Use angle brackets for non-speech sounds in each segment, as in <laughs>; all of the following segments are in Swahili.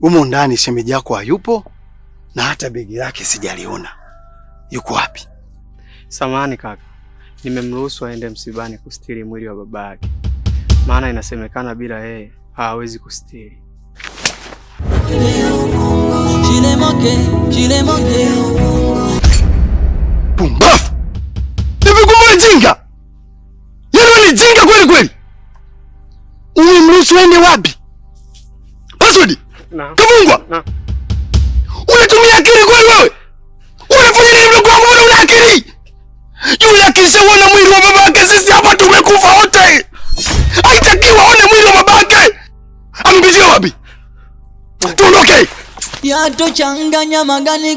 Humo ndani shemeji yako hayupo na hata begi lake sijaliona. Yuko wapi? Samahani kaka, nimemruhusu aende msibani kustiri mwili wa baba yake, maana inasemekana bila yeye hawawezi kustiri. Pumbafu! Nimekumbuka jinga! Yule ni jinga kweli kweli. Umemruhusu aende wapi? Tafungwa. Unatumia akili kweli wewe? Unafanya nini mdogo wangu? una akili? Juu ya uone mwili wa babake sisi hapa tumekufa wote. uone mwili wa babake. wapi? Tuondoke. changanya magani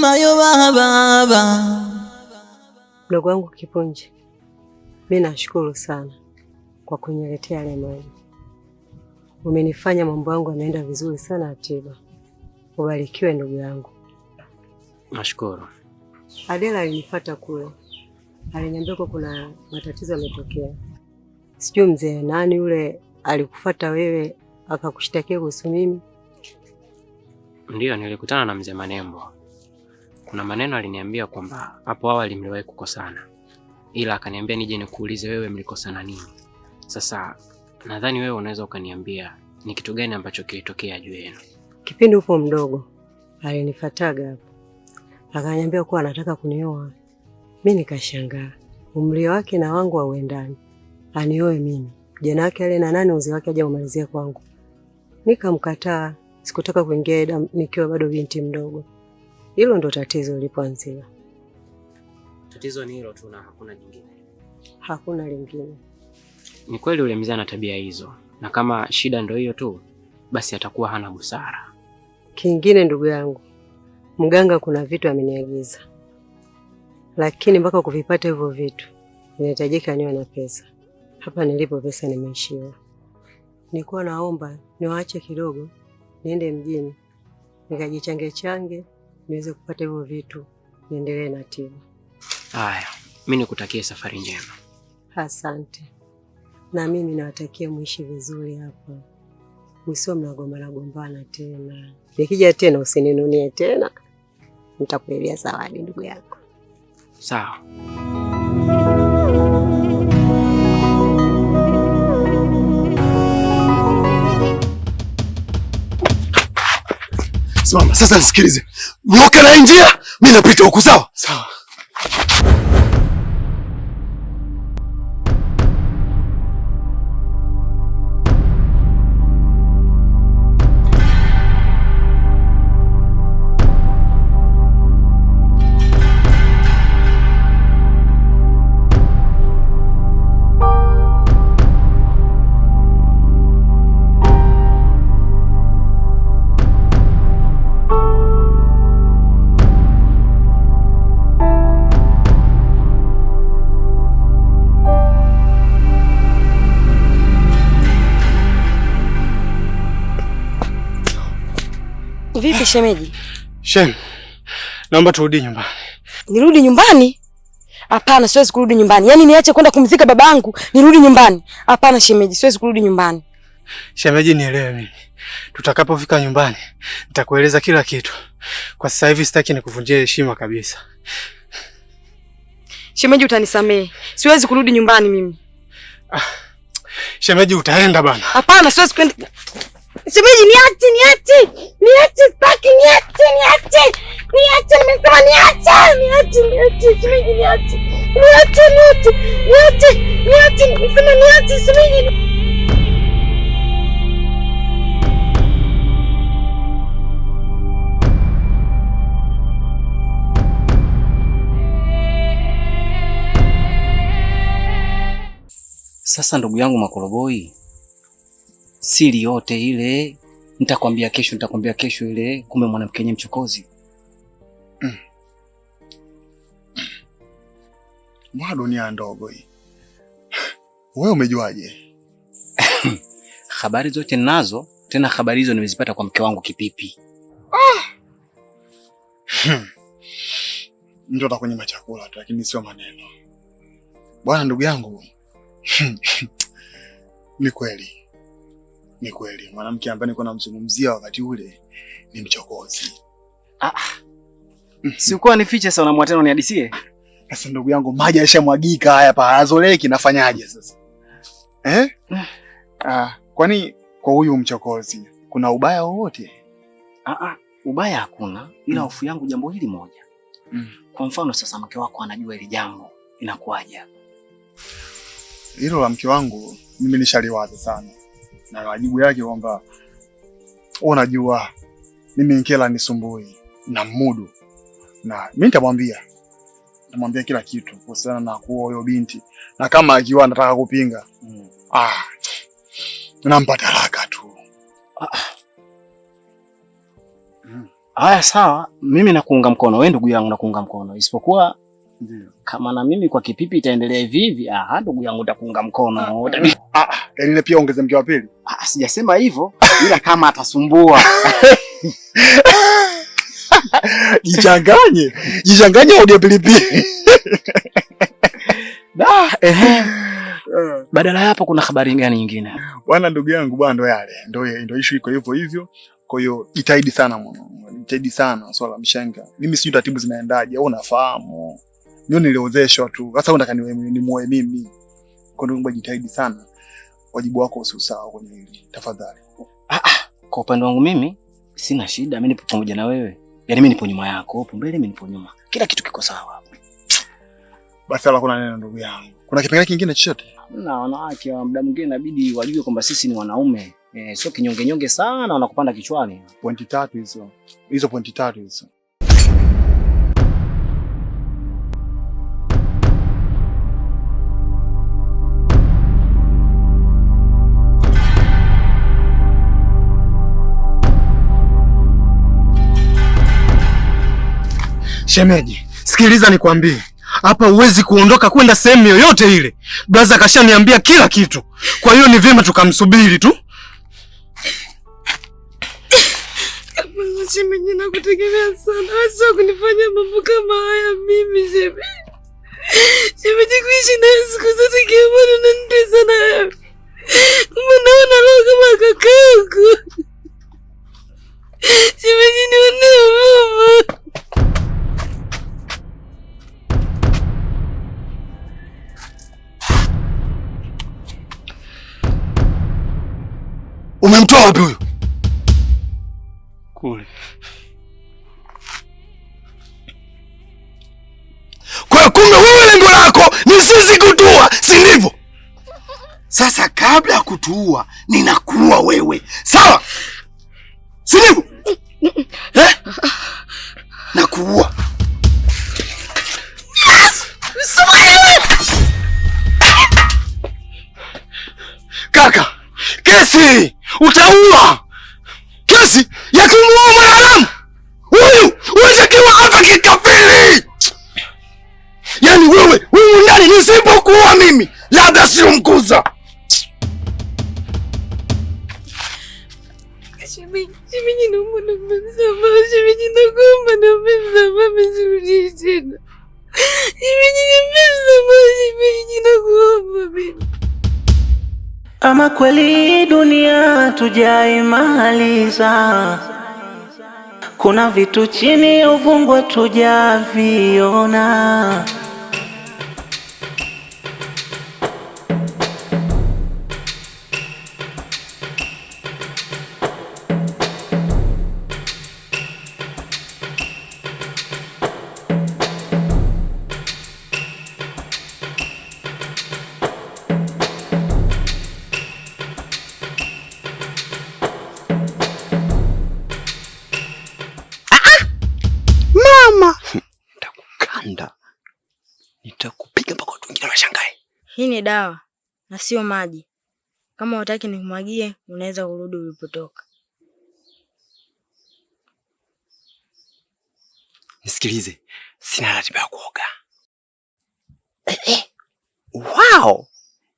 mayo baba. Mdogo wangu kiponje. Mimi nashukuru sana kwa kuniletea yale Umenifanya mambo yangu yameenda vizuri sana Atiba. Ubarikiwe ndugu yangu. Nashukuru. Adela alinifuata kule, aliniambia kwa kuna matatizo yametokea, sijui mzee nani yule alikufuata wewe akakushtakia kuhusu mimi. Ndiyo, nilikutana na mzee Manembo. Kuna maneno aliniambia kwamba hapo awali mliwahi kukosana, ila akaniambia nije nikuulize wewe mlikosana nini. Sasa Nadhani wewe unaweza ukaniambia ni kitu gani ambacho kilitokea juu yenu. Kipindi upo mdogo alinifataga hapo, akaniambia kuwa anataka kunioa. Mi nikashangaa umri wake na wangu hauendani, anioe mimi jana wake ale na nani uzi wake aje umalizia kwangu. Nikamkataa, sikutaka kuingia ida nikiwa bado binti mdogo. Hilo ndo tatizo lilipoanzia. Tatizo ni hilo tu na hakuna jingine, hakuna lingine. Ni kweli ule mzee ana tabia hizo, na kama shida ndio hiyo tu, basi atakuwa hana busara. Kingine ndugu yangu, mganga kuna vitu ameniagiza, lakini mpaka kuvipata hivyo vitu inahitajika niwe na pesa. Hapa nilipo pesa nimeishiwa. Nilikuwa naomba niwaache kidogo, niende mjini nikajichange change niweze kupata hivyo vitu, niendelee na tiba. Haya, mimi nikutakie safari njema. Asante na mimi nawatakia mwishi vizuri hapo, msio mnagombana gombana tena. Nikija tena usininunie tena, nitakuletea zawadi ndugu yako. Sawa. Mama, sasa, nisikilize. Nyoka na injia, mimi napita huku. Sawa sawa. Vipi shemeji? Shem, naomba turudi nyumbani. Nirudi nyumbani? Hapana, siwezi kurudi nyumbani. Yaani niache kwenda kumzika baba yangu, nirudi nyumbani? Hapana shemeji, siwezi kurudi nyumbani. Shemeji, nielewe mimi. Tutakapofika nyumbani nitakueleza kila kitu. Kwa sasa hivi sitaki nikuvunjie heshima kabisa. Shemeji, utanisamehe, siwezi kurudi nyumbani mimi. Ah, shemeji, utaenda bana? Hapana, siwezi kwenda. Shemeji, niache niache niache, sitaki niache niache niache, nimesema niache niache niache, shemeji niache niache niache niache niache, nimesema niache shemeji. Sasa ndugu yangu Makoroboi siri yote ile nitakwambia kesho, nitakwambia kesho ile, kumbe mwanamke yenye mchokozi mm. Mwa dunia ndogo hii, wewe umejuaje? <coughs> habari zote nazo, tena habari hizo nimezipata kwa mke wangu Kipipi. Ah. <coughs> Mtota kwenye machakula tu, lakini sio maneno bwana, ndugu yangu <coughs> ni kweli ni kweli mwanamke ambaye nilikuwa namzungumzia wakati ule ni mchokozi. Ah, ah. Mhm. sikuwa nifiche sana mwatano hadisie. Sasa ndugu yangu, maji yashamwagika haya pa azoleki, nafanyaje sasa eh? Mm. Ah, kwani kwa huyu mchokozi kuna ubaya wowote? Ah, ah, ubaya hakuna, ila mm. hofu yangu jambo hili moja. Mm. Kwa mfano sasa mke wako anajua hili jambo inakuwaje? Hilo la mke wangu mimi nishaliwaza sana na majibu yake kwamba unajua mimi Nkela nisumbui na mudu, na mimi nitamwambia nitamwambia kila kitu kuhusiana na kuoa huyo binti, na kama akiwa anataka kupinga mm. ah, nampa talaka tu ah. mm. Haya, sawa, mimi nakuunga mkono wewe, ndugu yangu, nakuunga mkono isipokuwa kama na mimi kwa kipipi itaendelea hivi hivi, ah, ndugu yangu utakuunga mkono. Ah, eh, ah, ah yani pia ongeze mke wa pili. Ah, ah sijasema hivyo ila kama atasumbua. <laughs> Jichanganye. Jichanganye audio pilipili. <laughs> Da, eh. Badala ya hapo kuna habari gani nyingine? Bwana ndugu yangu bwana ndo yale. Ndio ndio issue iko hivyo hivyo. Kwa hiyo jitahidi sana mwanangu, Jitahidi sana swala mshanga. Mimi sijui taratibu zinaendaje au unafahamu. Mimi niliozeshwa tu. Sasa wewe unataka nimuoe mimi. Kwa ndugu, jitahidi sana. Wajibu wako usiusahau kwenye hili. Tafadhali. Ah ah, kwa upande wangu mimi sina shida. Mimi nipo pamoja na wewe. Yaani mimi nipo nyuma yako, upo mbele, mimi nipo nyuma. Kila kitu kiko sawa Basi ala, kuna neno ndugu yangu. Kuna kipengele kingine chochote? Hamna, wanawake wa muda mwingine inabidi wajue kwamba sisi ni wanaume. Eh, sio kinyonge nyonge sana wanakupanda kichwani. Pointi tatu hizo. Hizo pointi tatu hizo. Shemeji, sikiliza nikwambie, hapa huwezi kuondoka kwenda sehemu yoyote ile. Blaza kashaniambia kila kitu, kwa hiyo ni vyema tukamsubiri tu. Shemeji, nakutegemea sana, wezi kunifanya mambo kama haya mimi. Shemeji, shemeji, kuishi naye siku zote kiamana nanitesa nayo manaona roho kama kakaangu. Shemeji, nionee mama Umemtoa wapi huyu? Kule. Kwa kumbe wewe lengo lako ni sisi kutua si ndivyo? Sasa kabla ya kutuua ninakuua wewe, sawa? Si ndivyo? Eh? Nakuua. Yes! Kaka, kesi utaua kesi ya kumuua marehemu huyu, unatakiwa afe kikafiri. Yani wewe huyu ndani nisipokuwa Ama kweli dunia tujaimaliza, kuna vitu chini ya uvungu tujaviona. dawa na sio maji. Kama hutaki nikumwagie, unaweza kurudi ulipotoka. Nisikilize, sina ratiba ya kuoga. <coughs> Wow,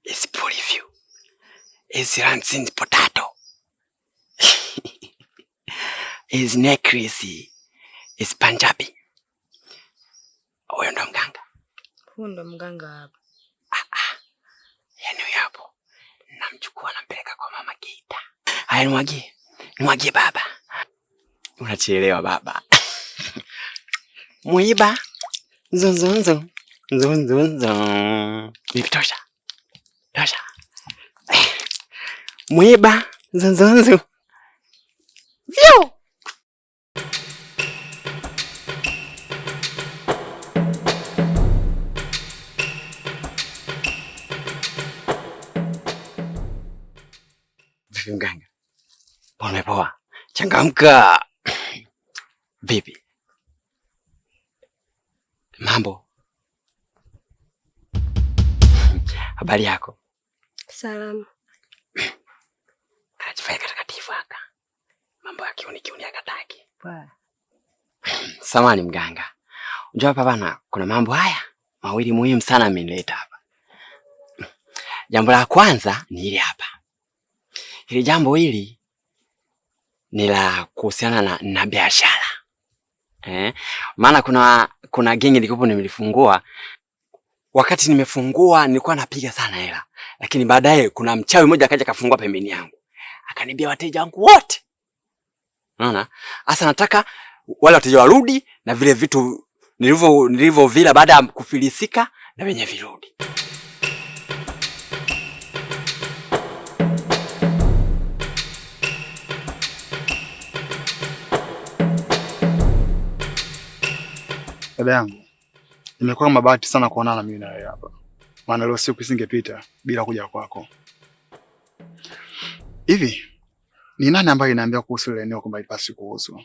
it's preview. It's rancid potato. <coughs> It's necklace. It's Punjabi. Huyo ndo mganga. Huyo ndo mganga hapa. namchukua nampeleka kwa mama Geita. Haya, nimwagie nimwagie baba. Unachelewa baba. Mwiba zunzunzu zunzunzu, nikitosha tosha. Eh. Mwiba zunzunzu vyo Changamka. Vipi mambo? Habari yako? Salama. Anajifanya katakatifu haka, mambo ya kiuni kiuni akataki. Samani mganga, unajua hapa bana, kuna mambo haya mawili muhimu sana amenileta hapa. Jambo la kwanza ni hili hapa, hili jambo hili ni la kuhusiana na, na biashara eh? Maana kuna kuna genge likopo nimelifungua. Wakati nimefungua nilikuwa napiga sana hela, lakini baadaye kuna mchawi mmoja akaja akafungua pembeni yangu akaniambia wateja wangu wote, unaona hasa, nataka wale wateja warudi na vile vitu nilivyo nilivyovila baada ya kufilisika na wenye virudi. Dada yangu, nimekuwa na bahati sana kuonana mimi na wewe hapa, maana leo siku isingepita bila kuja kwako. Hivi ni nani ambaye inaambia kuhusu ile eneo kwamba ipasi kuhusu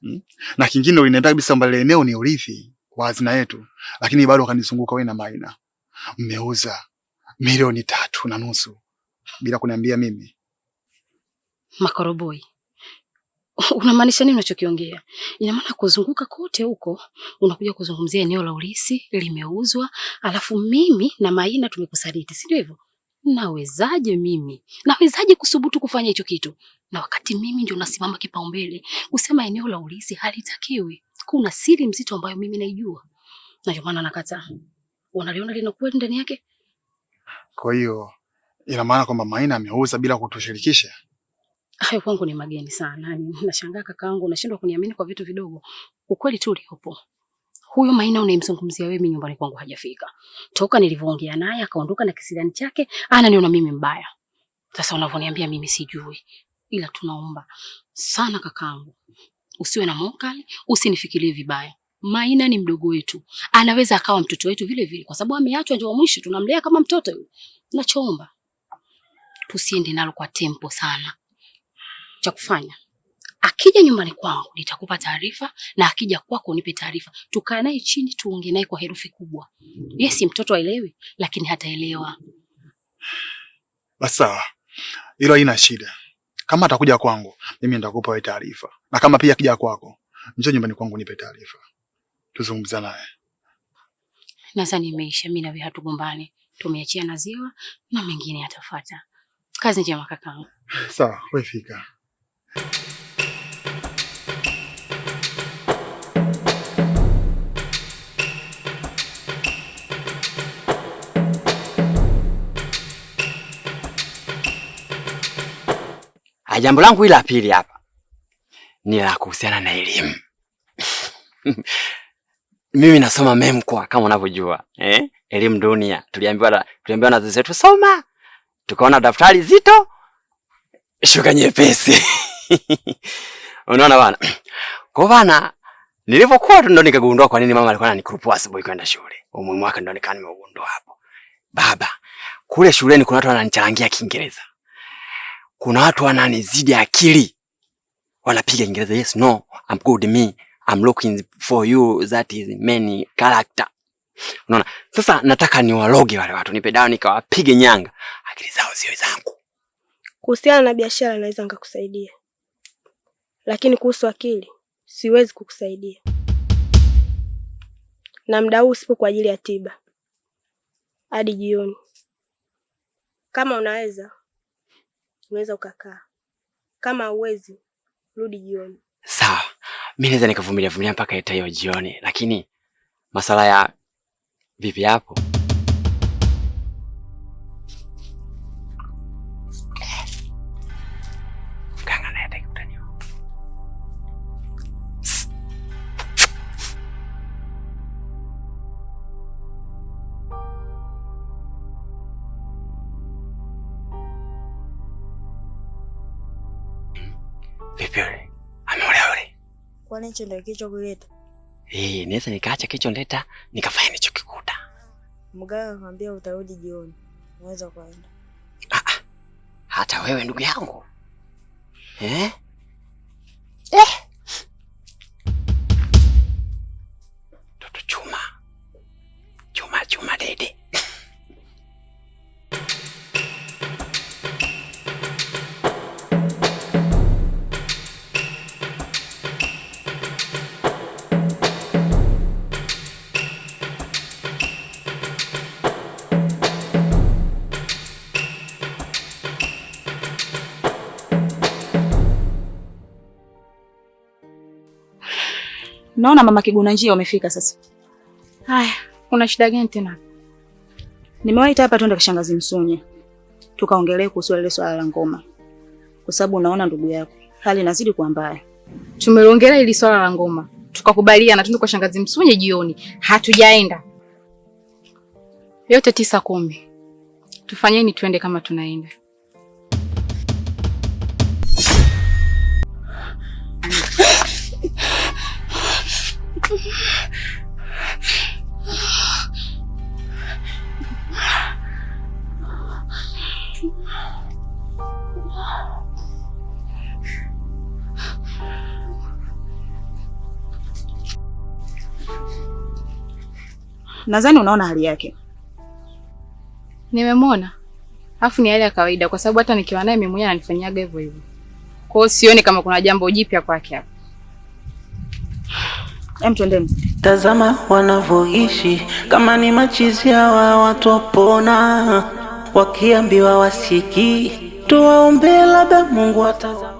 hmm? na kingine uliniambia kabisa mbali, eneo ni urithi wa hazina yetu, lakini bado kanizunguka wewe na Maina, mmeuza milioni tatu na nusu bila kuniambia mimi. Makoroboi, <laughs> Unamaanisha nini unachokiongea? Ina maana kuzunguka kote huko unakuja kuzungumzia eneo la ulisi limeuzwa, alafu mimi na Maina tumekusaliti, si ndio hivyo? Nawezaje mimi, nawezaje kusubutu kufanya hicho kitu, na wakati mimi ndio nasimama kipaumbele kusema eneo la ulisi halitakiwi? Kuna siri mzito ambayo mimi naijua, na ndio maana nakataa. Unaliona kweli ndani yake. Kwa hiyo ina maana kwamba Maina ameuza bila kutushirikisha? hayo kwangu ni mageni sana. Yaani, nashangaa kakaangu unashindwa kuniamini kwa vitu vidogo. Ukweli tu uliopo, huyo Maina unayemzungumzia wewe, mimi nyumbani kwangu hajafika toka nilivyoongea naye, akaondoka na kisirani chake, ananiona mimi mbaya. Sasa unavyoniambia mimi sijui, ila tunaomba sana kakaangu, usiwe na moyo mkali, usinifikirie vibaya. Maina ni mdogo wetu, anaweza akawa mtoto wetu vile vile, kwa sababu ameachwa ndio mwisho, tunamlea kama mtoto yule. Nachoomba tusiende nalo kwa tempo sana, cha kufanya, akija nyumbani kwangu nitakupa taarifa, na akija kwako nipe taarifa. Tukaa naye chini, tuongee naye kwa herufi kubwa. Yes, mtoto aelewi, lakini hataelewa. Basi sawa, hilo haina shida. Kama atakuja kwangu mimi nitakupa wewe taarifa, na kama pia akija kwako, njoo nyumbani kwangu nipe taarifa, tuzungumza naye. Nadhani imeisha. Mimi nawe hatugombani, tumeachia na ziwa na mengine yatafuata. Kazi njema kakangu. Sawa, wewe fika. jambo langu hili la pili hapa ni la kuhusiana na elimu. <laughs> Mimi nasoma MEMKWA kama unavyojua eh? Elimu dunia tuliambiwa, tuliambiwa na wazazi wetu soma, tukaona daftari zito shuka nyepesi <laughs> unaona bana. <clears throat> Kwa bana, nilipokuwa tu ndo nikagundua kwa nini mama alikuwa ananikurupuka asubuhi kwenda shule. Umuhimu wake ndo nikaa nimeugundua hapo. Baba kule shuleni kuna watu wananichangia Kiingereza kuna watu wananizidi akili, wanapiga Kiingereza yes no I'm good me I'm looking for you that is many character. Unaona, sasa nataka niwaloge wale watu, nipe dawa nikawapige nyanga, akili zao sio zangu. Kuhusiana na biashara naweza nikakusaidia, lakini kuhusu akili siwezi kukusaidia, na muda huu sipo kwa ajili ya tiba hadi jioni, kama unaweza unaweza ukakaa. Kama hauwezi, rudi jioni. Sawa, mi naweza nikavumilia vumilia mpaka itayo hiyo jioni, lakini masala ya vipi hapo? Kwani hicho ndio kilichokuleta? Eh, naweza nikaacha kilichonileta nikafanya kikuta. Mganga akamwambia utarudi jioni. Unaweza kwenda. ah. ah. Hata wewe ndugu yangu. Eh? Naona mama Kiguna njia umefika sasa. Haya, kuna shida gani tena? Nimewaita hapa twende kishangazi Msunye tukaongelee kuhusu ile swala la ngoma, kwa sababu unaona ndugu yako hali inazidi kuwa mbaya. Tumeliongelea ile swala la ngoma tukakubaliana twende kwa shangazi Msunye jioni, hatujaenda yote tisa kumi. Tufanyeni twende kama tunaenda. Nadhani unaona hali yake. Nimemwona, alafu ni hali ya kawaida, kwa sababu hata nikiwa naye mimi mwenyewe ananifanyaga hivyo hivyo. Kwa hiyo sioni kama kuna jambo jipya kwake hapa. Twendeni. Tazama wanavyoishi, kama ni machizi hawa watopona, wakiambiwa wasikii, tuwaombe labda Mungu ataza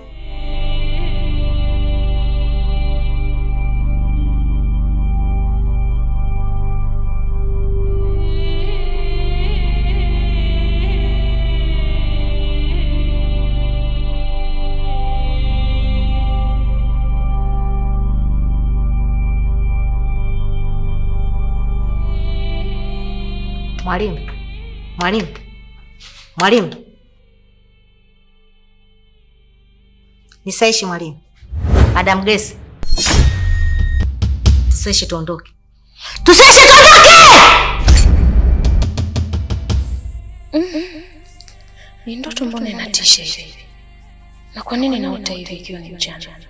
Mwalimu, mwalimu, mwalimu, nisaishi mwalimu. Adam Grace, tusaishi tuondoke, tusaishi tuondoke. Ni ndoto mbona inatisha hivi? Na kwa nini naota hivi ikiwa ni mchana?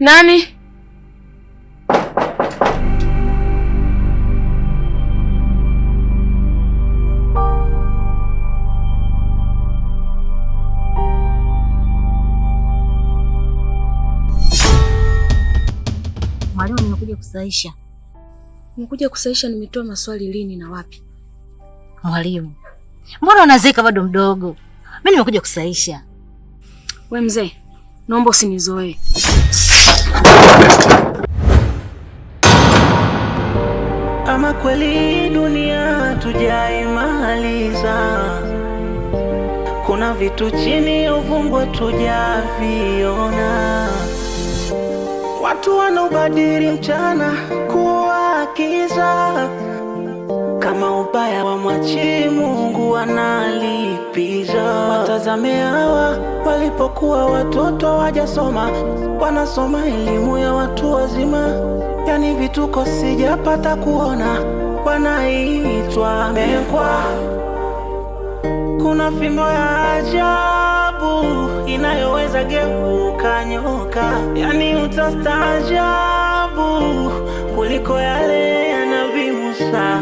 Nani? kusaisha. Umekuja kusaisha nimetoa maswali lini na wapi? Mwalimu, mbona unazeka bado mdogo? Mimi nimekuja kusaisha. We mzee, naomba usinizoee. Ama kweli dunia tujaimaliza, kuna vitu chini uvungu tujaviona Watu wanaubadili mchana kuwa kiza, kama ubaya wa mwachi Mungu wanalipiza. Watazame hawa walipokuwa watoto wajasoma, wanasoma elimu ya watu wazima, yani vituko sijapata kuona, wanaitwa mekwa. Kuna fimbo ya ajabu supu inayoweza geuka nyoka, yani utastaajabu kuliko yale yanaviusa.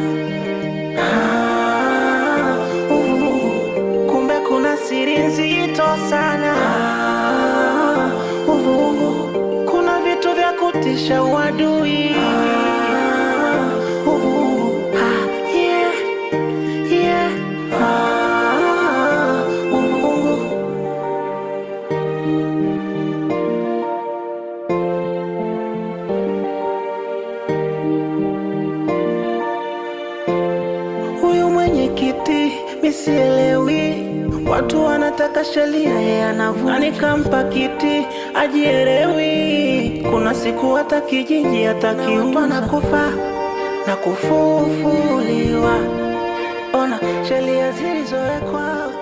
Ah, uh, uh, kumbe kuna siri nzito sana. Ah, uh, uh, uh kuna vitu vya kutisha sheria yeye anavuna, nikampa kiti ajielewi. Kuna siku hata kijiji hatakiundwa na kufa na kufufuliwa. Ona sheria zilizowekwa